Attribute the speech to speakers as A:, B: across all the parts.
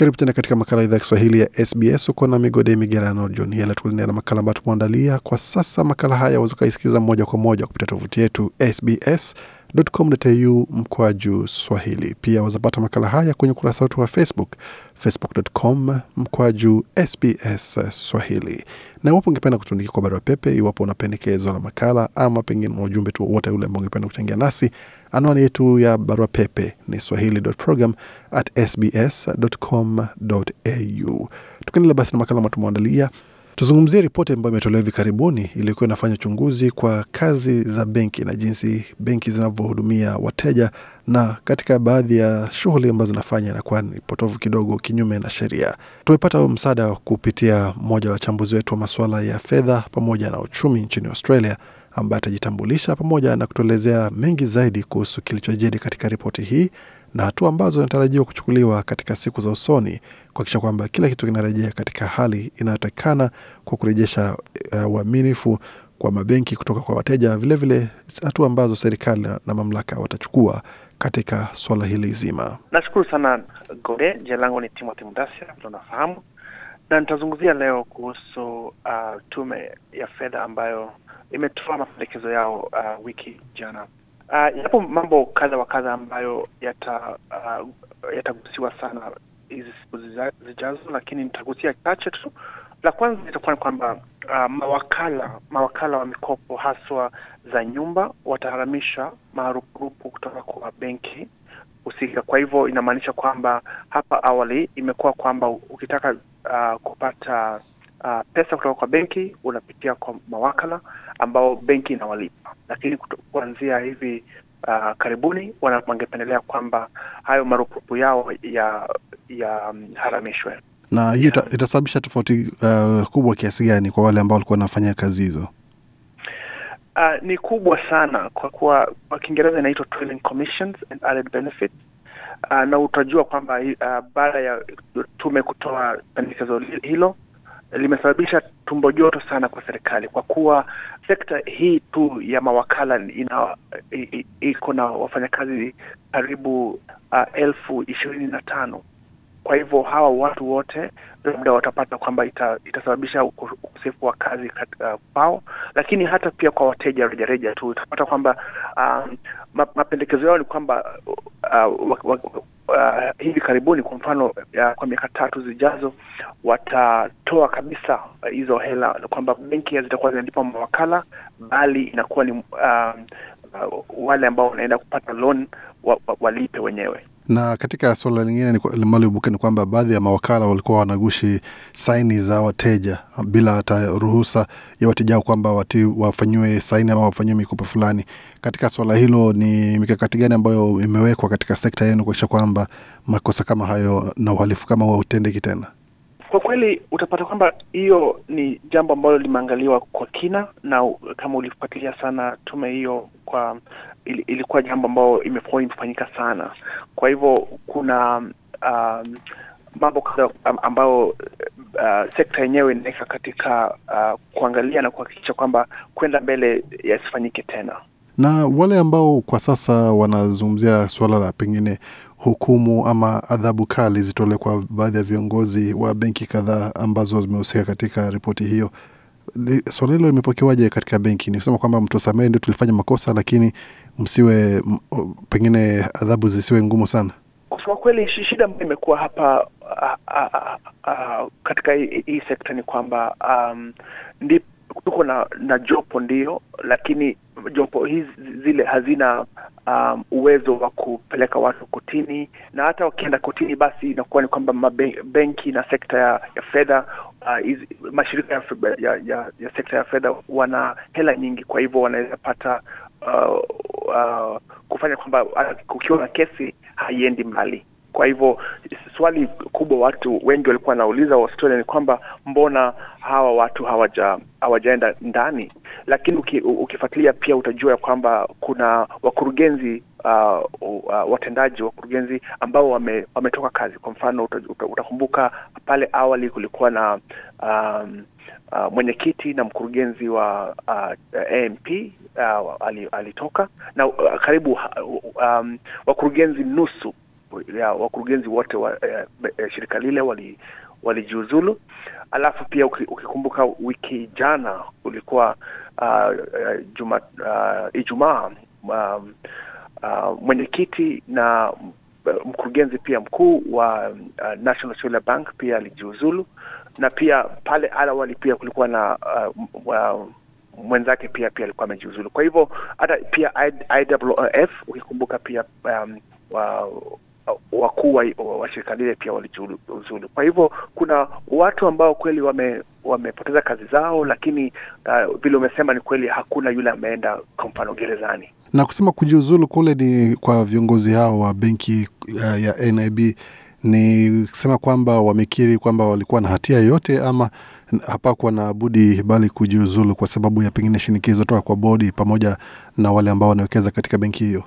A: Karibu tena katika makala idhaa ya Kiswahili ya SBS. Uko na Migode Migerano John Hiela tukulindia na makala ambayo tumeandalia kwa sasa. Makala haya waweza ukaisikiliza moja kwa moja kupitia tovuti yetu SBS au mkoa juu Swahili. Pia wazapata makala haya kwenye ukurasa wetu wa Facebook, facebook.com mkoa juu SBS Swahili. Na iwapo ungependa kutuandikia kwa barua pepe, iwapo una pendekezo la makala ama pengine na ujumbe tu wowote ule ambao ungependa kuchangia nasi, anwani yetu ya barua pepe ni swahili.program@sbs.com.au. Tukiendelea basi na makala ambayo tumeandalia Tuzungumzie ripoti ambayo imetolewa hivi karibuni, iliyokuwa inafanya uchunguzi kwa kazi za benki na jinsi benki zinavyohudumia wateja, na katika baadhi ya shughuli ambazo zinafanya inakuwa ni potofu kidogo, kinyume na sheria. Tumepata msaada kupitia mmoja wa wachambuzi wetu wa masuala ya fedha pamoja na uchumi nchini Australia ambaye atajitambulisha pamoja na kutuelezea mengi zaidi kuhusu kilichojiri katika ripoti hii na hatua ambazo inatarajiwa kuchukuliwa katika siku za usoni kuakisha kwamba kila kitu kinarejea katika hali inayotakikana kwa kurejesha eh, uaminifu uh, kwa mabenki kutoka kwa wateja, vilevile hatua ambazo serikali na mamlaka watachukua katika swala hili zima.
B: Nashukuru sana Gode. Jina langu ni Timothy Mdasia, tunafahamu na nitazungumzia leo kuhusu uh, tume ya fedha ambayo imetoa mapendekezo yao uh, wiki jana. Uh, yapo mambo kadha wa kadha ambayo yatagusiwa uh, yatagusiwa sana hizi siku zijazo, lakini nitagusia chache tu. La kwanza itakuwa ni kwamba uh, mawakala mawakala wa mikopo haswa za nyumba wataharamisha marupurupu kutoka kwa benki husika. Kwa hivyo inamaanisha kwamba hapa awali imekuwa kwamba ukitaka uh, kupata uh, pesa kutoka kwa benki unapitia kwa mawakala ambao benki inawalipa lakini kuanzia hivi uh, karibuni wangependelea kwamba hayo marupurupu yao ya, ya um, haramishwe.
A: Na hiyo yeah, itasababisha tofauti uh, kubwa kiasi gani kwa wale ambao walikuwa wanafanya kazi hizo?
B: Uh, ni kubwa sana kwa kuwa kwa Kiingereza inaitwa Trailing Commissions and Added Benefits. Uh, na utajua kwamba uh, baada ya tume kutoa pendekezo hilo limesababisha tumbo joto sana kwa serikali, kwa kuwa sekta hii tu ya mawakala iko na wafanyakazi karibu uh, elfu ishirini na tano. Kwa hivyo hawa watu wote labda watapata kwamba ita, itasababisha ukosefu wa kazi kwao, uh, lakini hata pia kwa wateja rejareja tu utapata kwamba um, mapendekezo yao ni kwamba uh, uh, hivi karibuni, kwa mfano uh, kwa miaka tatu zijazo watatoa kabisa uh, hizo uh, hela, kwamba benki zitakuwa zinalipa mawakala, bali inakuwa ni um, uh, wale ambao wanaenda kupata loan walipe wa, wa wenyewe.
A: Na katika suala lingine limaloibuka ni kwamba baadhi ya mawakala walikuwa wanagushi saini za wateja bila hata ruhusa ya wateja kwamba wafanyiwe saini ama wafanyiwe mikopo fulani. Katika suala hilo, ni mikakati gani ambayo imewekwa katika sekta yenu kuakisha kwamba makosa kama hayo na uhalifu kama huo hautendeki tena?
B: Kwa kweli utapata kwamba hiyo ni jambo ambalo limeangaliwa kwa kina, na kama ulifuatilia sana tume hiyo kwa ilikuwa jambo ambayo imekuwa imefanyika sana. Kwa hivyo kuna um, mambo kadha ambayo uh, sekta yenyewe inaweka katika uh, kuangalia na kuhakikisha kwamba kwenda mbele yasifanyike tena.
A: Na wale ambao kwa sasa wanazungumzia suala la pengine hukumu ama adhabu kali zitolewe kwa baadhi ya viongozi wa benki kadhaa ambazo zimehusika katika ripoti hiyo, suala hilo limepokewaje katika benki? Ni kusema kwamba mtusamehe, ndio tulifanya makosa, lakini msiwe pengine adhabu zisiwe ngumu sana.
B: Kusema kweli, shida ambayo imekuwa hapa a, a, a, a, katika hii sekta ni kwamba um, ndipo tuko na, na jopo ndio, lakini jopo hizi zile hazina um, uwezo wa kupeleka watu kotini, na hata wakienda kotini, basi inakuwa ni kwamba benki na sekta ya, ya fedha uh, mashirika ya, ya, ya, ya sekta ya fedha wana hela nyingi, kwa hivyo wanaweza pata uh, uh, kufanya kwamba uh, kukiwa na kesi haiendi mbali. Kwa hivyo swali kubwa watu wengi walikuwa wanauliza Waustralia ni kwamba mbona hawa watu hawaja hawajaenda ndani, lakini uki, ukifuatilia pia utajua ya kwamba kuna wakurugenzi Uh, uh, watendaji wakurugenzi ambao wame, wametoka kazi. Kwa mfano uta, uta, utakumbuka pale awali kulikuwa na um, uh, mwenyekiti na mkurugenzi wa uh, AMP uh, alitoka na uh, karibu uh, um, wakurugenzi nusu ya wakurugenzi wote wa eh, eh, shirika lile wali walijiuzulu. Alafu pia ukikumbuka wiki jana ulikuwa uh, juma, uh, Ijumaa um, uh, mwenyekiti na eh, mkurugenzi pia mkuu wa uh, National Solar Bank pia alijiuzulu, na pia pale Alawali pia kulikuwa na uh, uh, mwenzake pia pia alikuwa amejiuzulu. Kwa hivyo hata pia IWF ukikumbuka pia um, uh, wakuu wa shirika lile pia walijiuzulu. Kwa hivyo kuna watu ambao kweli wame wamepoteza kazi zao, lakini uh, vile uh, umesema ni kweli, hakuna yule ameenda kwa mfano gerezani.
A: Na kusema kujiuzulu kule ni kwa viongozi hao wa benki uh, ya NIB ni kusema kwamba wamekiri kwamba walikuwa na hatia yoyote, ama hapakuwa na budi bali kujiuzulu kwa sababu ya pengine shinikizo toka kwa bodi pamoja na wale ambao wanawekeza katika benki hiyo.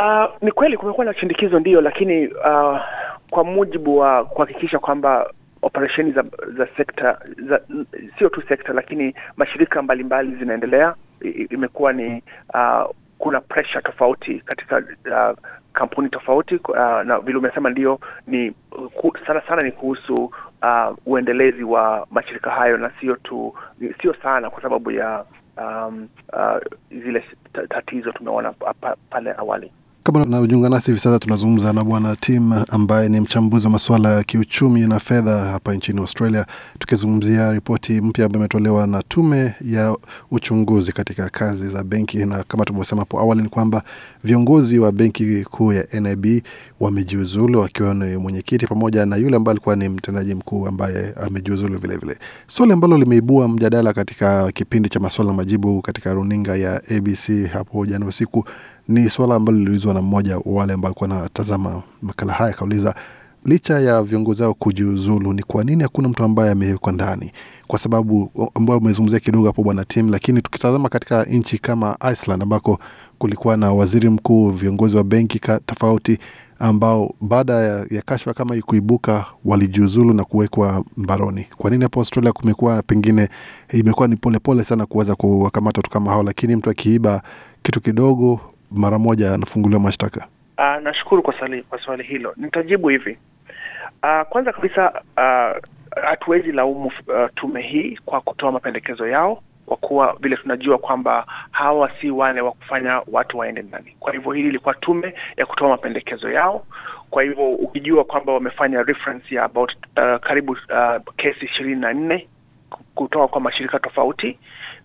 B: Uh, ni kweli kumekuwa na shindikizo ndiyo, lakini uh, kwa mujibu wa kuhakikisha kwamba operesheni za za sekta za sio tu sekta, lakini mashirika mbalimbali mbali zinaendelea, imekuwa ni uh, kuna presha tofauti katika uh, kampuni tofauti uh, na vile umesema ndio, ni ku, sana sana ni kuhusu uh, uendelezi wa mashirika hayo na sio tu sio sana kwa sababu ya um, uh, zile tatizo tumeona pale awali.
A: Kama unajiunga nasi hivi sasa, tunazungumza na Bwana Tim ambaye ni mchambuzi wa masuala ya kiuchumi na fedha hapa nchini Australia, tukizungumzia ripoti mpya ambayo imetolewa na tume ya uchunguzi katika kazi za benki. Na kama tulivyosema hapo awali, ni kwamba viongozi wa benki kuu ya NAB wamejiuzulu, akiwa ni mwenyekiti pamoja na yule ambaye alikuwa ni mtendaji mkuu ambaye amejiuzulu vilevile, swali ambalo limeibua mjadala katika kipindi cha maswala majibu katika runinga ya ABC hapo jana usiku ni swala ambalo liliulizwa na mmoja wa wale ambao alikuwa anatazama makala haya, akauliza licha ya viongozi hao kujiuzulu, ni kwa nini hakuna mtu ambaye amewekwa ndani? Kwa sababu ambayo umezungumzia kidogo hapo bwana Tim, lakini tukitazama katika nchi kama Iceland ambako kulikuwa na waziri mkuu, viongozi wa benki tofauti ambao baada ya, ya kashfa kama hii kuibuka walijiuzulu na kuwekwa mbaroni. Kwa nini hapo Australia kumekuwa pengine imekuwa ni polepole pole sana kuweza kuwakamata watu kama hao, lakini mtu akiiba kitu kidogo mara moja anafunguliwa mashtaka?
B: Uh, nashukuru kwa swali, kwa swali hilo nitajibu hivi. Uh, kwanza kabisa ah, hatuwezi uh, laumu uh, tume hii kwa kutoa mapendekezo yao kwa kuwa vile tunajua kwamba hawa si wale wa kufanya watu waende ndani. Kwa hivyo hili ilikuwa tume ya kutoa mapendekezo yao. Kwa hivyo ukijua kwamba wamefanya reference ya about uh, karibu uh, kesi ishirini na nne kutoka kwa mashirika tofauti,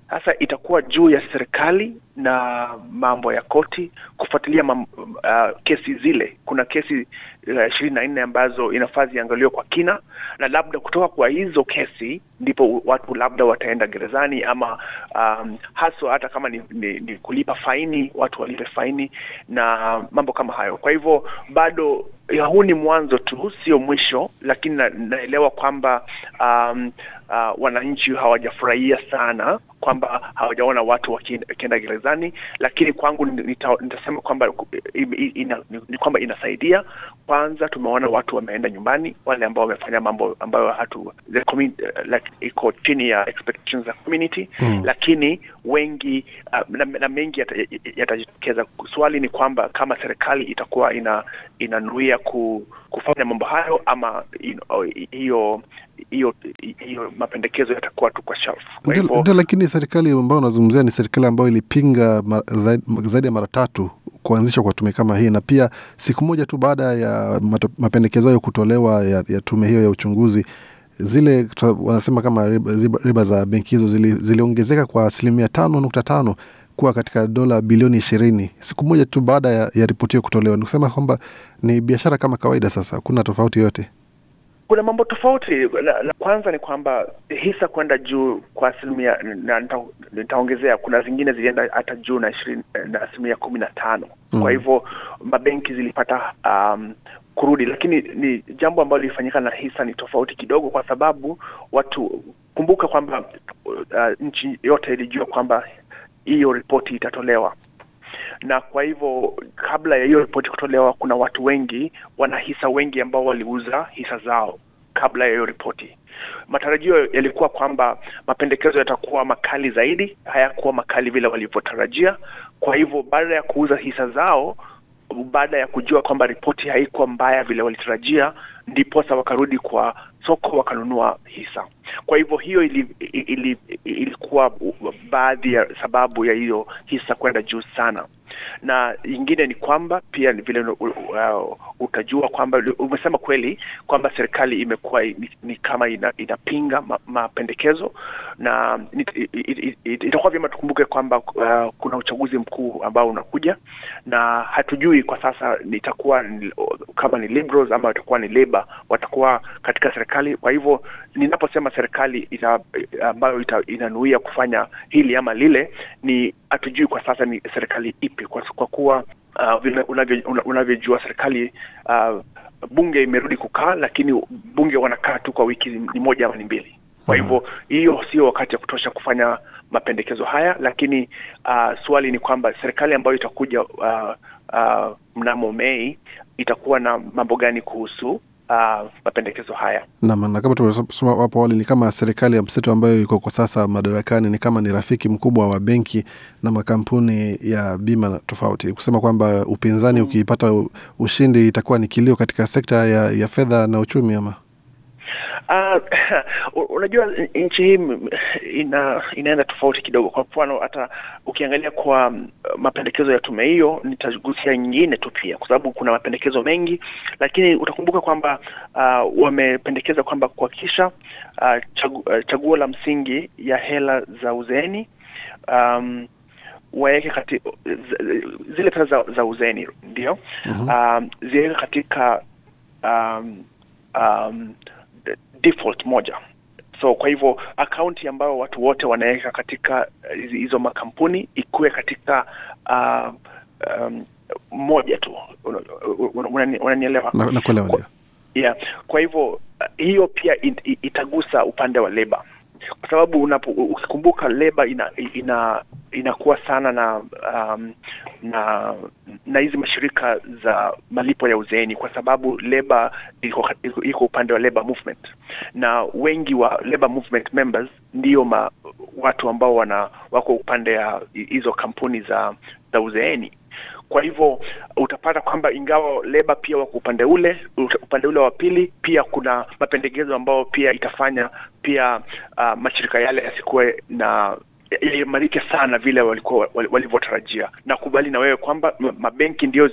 B: sasa itakuwa juu ya serikali na mambo ya koti kufuatilia uh, kesi zile. Kuna kesi uh, ishirini uh, na nne ambazo inafaa ziangaliwe kwa kina, na labda kutoka kwa hizo kesi ndipo watu labda wataenda gerezani ama um, haswa hata kama ni, ni, ni kulipa faini, watu walipe faini na mambo kama hayo. Kwa hivyo bado huu ni mwanzo tu, sio mwisho, lakini na, naelewa kwamba um, uh, wananchi hawajafurahia sana kwamba hawajaona watu wakienda gerezani upinzani, lakini kwangu nitasema kwamba ni kwamba inasaidia kwanza tumeona watu wameenda nyumbani, wale ambao wamefanya mambo ambayo hatu the community, like, iko chini ya expectations community mm. Lakini wengi uh, na, na mengi yatajitokeza yata. Swali ni kwamba kama serikali itakuwa ina inanuia ku, kufanya mambo hayo ama hiyo hiyo hiyo mapendekezo yatakuwa tu kwa shelf.
A: Ndio, lakini serikali ambayo unazungumzia ni serikali ambayo ilipinga zaidi ya mara tatu kuanzishwa kwa tume kama hii, na pia siku moja tu baada ya mapendekezo hayo kutolewa ya, ya tume hiyo ya uchunguzi zile wanasema kama riba, riba, riba za benki hizo ziliongezeka zili kwa asilimia tano nukta tano kuwa katika dola bilioni ishirini siku moja tu baada ya, ya ripoti hiyo kutolewa. Ni kusema kwamba ni biashara kama kawaida sasa, hakuna tofauti yote.
B: Kuna mambo tofauti na, na kwanza ni kwamba hisa kwenda juu kwa asilimia nitaongezea, kuna zingine zilienda hata juu na ishirini na asilimia kumi na tano mm. Kwa hivyo mabenki zilipata um, kurudi, lakini ni jambo ambalo lilifanyika na hisa ni tofauti kidogo, kwa sababu watu kumbuka kwamba uh, nchi yote ilijua kwamba hiyo ripoti itatolewa na kwa hivyo kabla ya hiyo ripoti kutolewa, kuna watu wengi, wanahisa wengi ambao waliuza hisa zao kabla ya hiyo ripoti. Matarajio yalikuwa kwamba mapendekezo yatakuwa makali zaidi, hayakuwa makali vile walivyotarajia. Kwa hivyo baada ya kuuza hisa zao, baada ya kujua kwamba ripoti haikuwa mbaya vile walitarajia, ndiposa wakarudi kwa soko wakanunua hisa. Kwa hivyo hiyo ili, ili, ili, ilikuwa baadhi ya sababu ya hiyo hisa kwenda juu sana na ingine ni kwamba pia vile uh, uh, utajua kwamba umesema kweli kwamba serikali imekuwa ni, ni kama ina, inapinga ma, mapendekezo na itakuwa vyema tukumbuke kwamba uh, kuna uchaguzi mkuu ambao unakuja na hatujui kwa sasa itakuwa kama ni Liberals ama itakuwa ni labor watakuwa katika serikali. Kwa hivyo ninaposema serikali ita, ambayo ita, inanuia kufanya hili ama lile, ni hatujui kwa sasa ni serikali ipi wake kwa, kwa kuwa uh, unavyojua unavyojua una serikali uh, bunge imerudi kukaa, lakini bunge wanakaa tu kwa wiki ni moja ama ni mbili. Kwa hmm. hivyo hiyo sio wakati ya kutosha kufanya mapendekezo haya, lakini uh, swali ni kwamba serikali ambayo itakuja uh, uh, mnamo Mei itakuwa na mambo gani kuhusu uh, mapendekezo haya.
A: Naam, na kama tumesoma hapo awali, ni kama serikali ya mseto ambayo iko kwa sasa madarakani ni kama ni rafiki mkubwa wa benki na makampuni ya bima tofauti, kusema kwamba upinzani mm, ukiipata ushindi itakuwa ni kilio katika sekta ya, ya fedha na uchumi ama
B: Uh, unajua nchi hii ina, inaenda tofauti kidogo. Kwa mfano hata ukiangalia kwa mm, mapendekezo ya tume hiyo, nitagusia nyingine tu pia, kwa sababu kuna mapendekezo mengi, lakini utakumbuka kwamba uh, wamependekeza kwamba kuhakikisha uh, chagu, uh, chaguo la msingi ya hela za uzeni um, waweke kati zile pesa za, za uzeni ndio, uh -huh. um, ziweke katika um, um, default moja. So kwa hivyo akaunti ambayo watu wote wanaweka katika eh, hizo makampuni ikuwe katika uh, um, moja tu, unanielewa? una kwa, Yeah, kwa hivyo eh, hiyo pia itagusa upande wa leba kwa sababu ukikumbuka leba ina, ina, inakuwa sana na um, na na hizi mashirika za malipo ya uzeeni, kwa sababu leba iko, iko, iko upande wa labor movement, na wengi wa labor movement members ndio ma, watu ambao wana wako upande ya hizo kampuni za za uzeeni. Kwa hivyo utapata kwamba ingawa leba pia wako upande ule upande ule wa pili, pia kuna mapendekezo ambayo pia itafanya pia uh, mashirika yale yasikuwe na yaliimarika sana vile walikuwa walivyotarajia. Nakubali na wewe kwamba mabenki ndio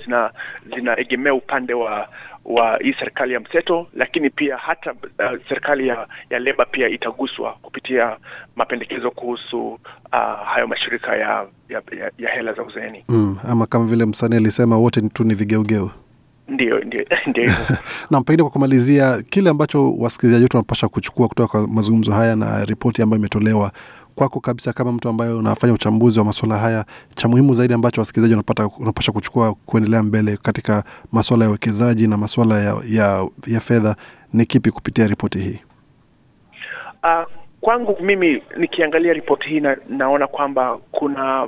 B: zinaegemea zina upande wa wa hii serikali ya mseto, lakini pia hata uh, serikali ya, ya leba pia itaguswa kupitia mapendekezo kuhusu uh, hayo mashirika ya, ya, ya, ya hela za uzeeni
A: mm, ama kama vile msanii alisema wote tu ni vigeugeu.
B: Ndio, ndio, ndio.
A: Na pengine kwa kumalizia, kile ambacho wasikilizaji wetu wanapasha kuchukua kutoka kwa mazungumzo haya na ripoti ambayo imetolewa kwako kabisa kama mtu ambaye unafanya uchambuzi wa masuala haya, cha muhimu zaidi ambacho wasikilizaji unapasha kuchukua kuendelea mbele katika masuala ya uwekezaji na masuala ya, ya, ya fedha ni kipi kupitia ripoti hii?
B: Uh, kwangu mimi nikiangalia ripoti hii na, naona kwamba kuna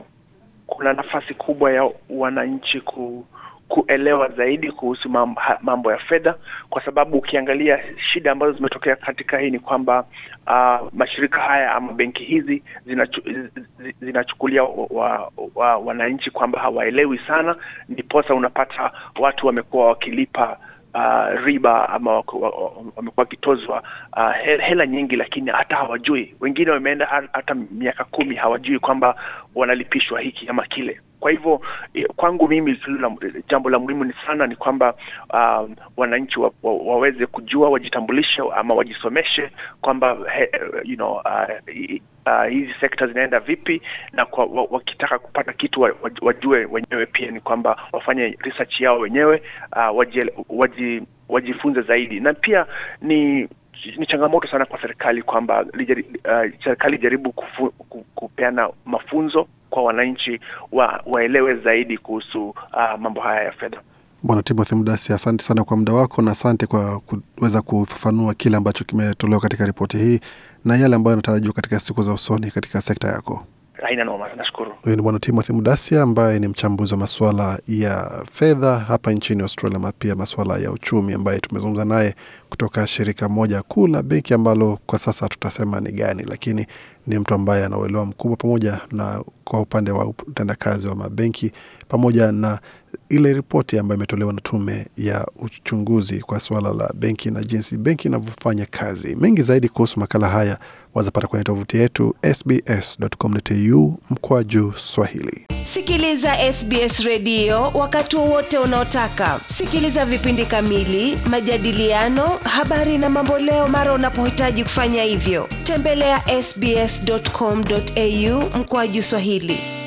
B: kuna nafasi kubwa ya wananchi ku kuelewa zaidi kuhusu mambo ya fedha, kwa sababu ukiangalia shida ambazo zimetokea katika hii ni kwamba uh, mashirika haya ama benki hizi zinachukulia wananchi wa, wa, kwamba hawaelewi sana, ndiposa unapata watu wamekuwa wakilipa Uh, riba ama wamekuwa wakitozwa uh, hela nyingi, lakini hata hawajui. Wengine wameenda hata miaka kumi hawajui kwamba wanalipishwa hiki ama kile. Kwa hivyo eh, kwangu mimi jambo la muhimu ni sana ni kwamba um, wananchi wa, wa, waweze kujua wajitambulishe, ama wajisomeshe kwamba eh, you know, uh, Uh, hizi sekta zinaenda vipi na kwa, wakitaka kupata kitu wajue wenyewe pia ni kwamba wafanye research yao wenyewe uh, waji, waji, wajifunze zaidi, na pia ni ni changamoto sana kwa serikali kwamba uh, serikali jaribu kufu, kupeana mafunzo kwa wananchi wa, waelewe zaidi kuhusu uh, mambo haya ya fedha.
A: Bwana Timothy Mdasi, asante sana kwa muda wako na asante kwa kuweza kufafanua kile ambacho kimetolewa katika ripoti hii na yale ambayo yanatarajiwa katika siku za usoni katika sekta yako.
B: Haina noma, nashukuru. Huyu
A: ni Bwana Timothy Mudasia ambaye ni mchambuzi wa masuala ya fedha hapa nchini Australia na pia masuala ya uchumi, ambaye tumezungumza naye kutoka shirika moja kuu la benki ambalo kwa sasa tutasema ni gani, lakini ni mtu ambaye ana uelewa mkubwa, pamoja na kwa upande wa utendakazi wa mabenki, pamoja na ile ripoti ambayo imetolewa na tume ya uchunguzi kwa suala la benki na jinsi benki inavyofanya kazi. Mengi zaidi kuhusu makala haya wazapata kwenye tovuti yetu sbs.com.au juu Swahili. Sikiliza SBS redio wakati wowote unaotaka. Sikiliza vipindi kamili, majadiliano, habari na mamboleo mara unapohitaji kufanya hivyo. Tembelea SBS sbs.com.au mkoaji Swahili.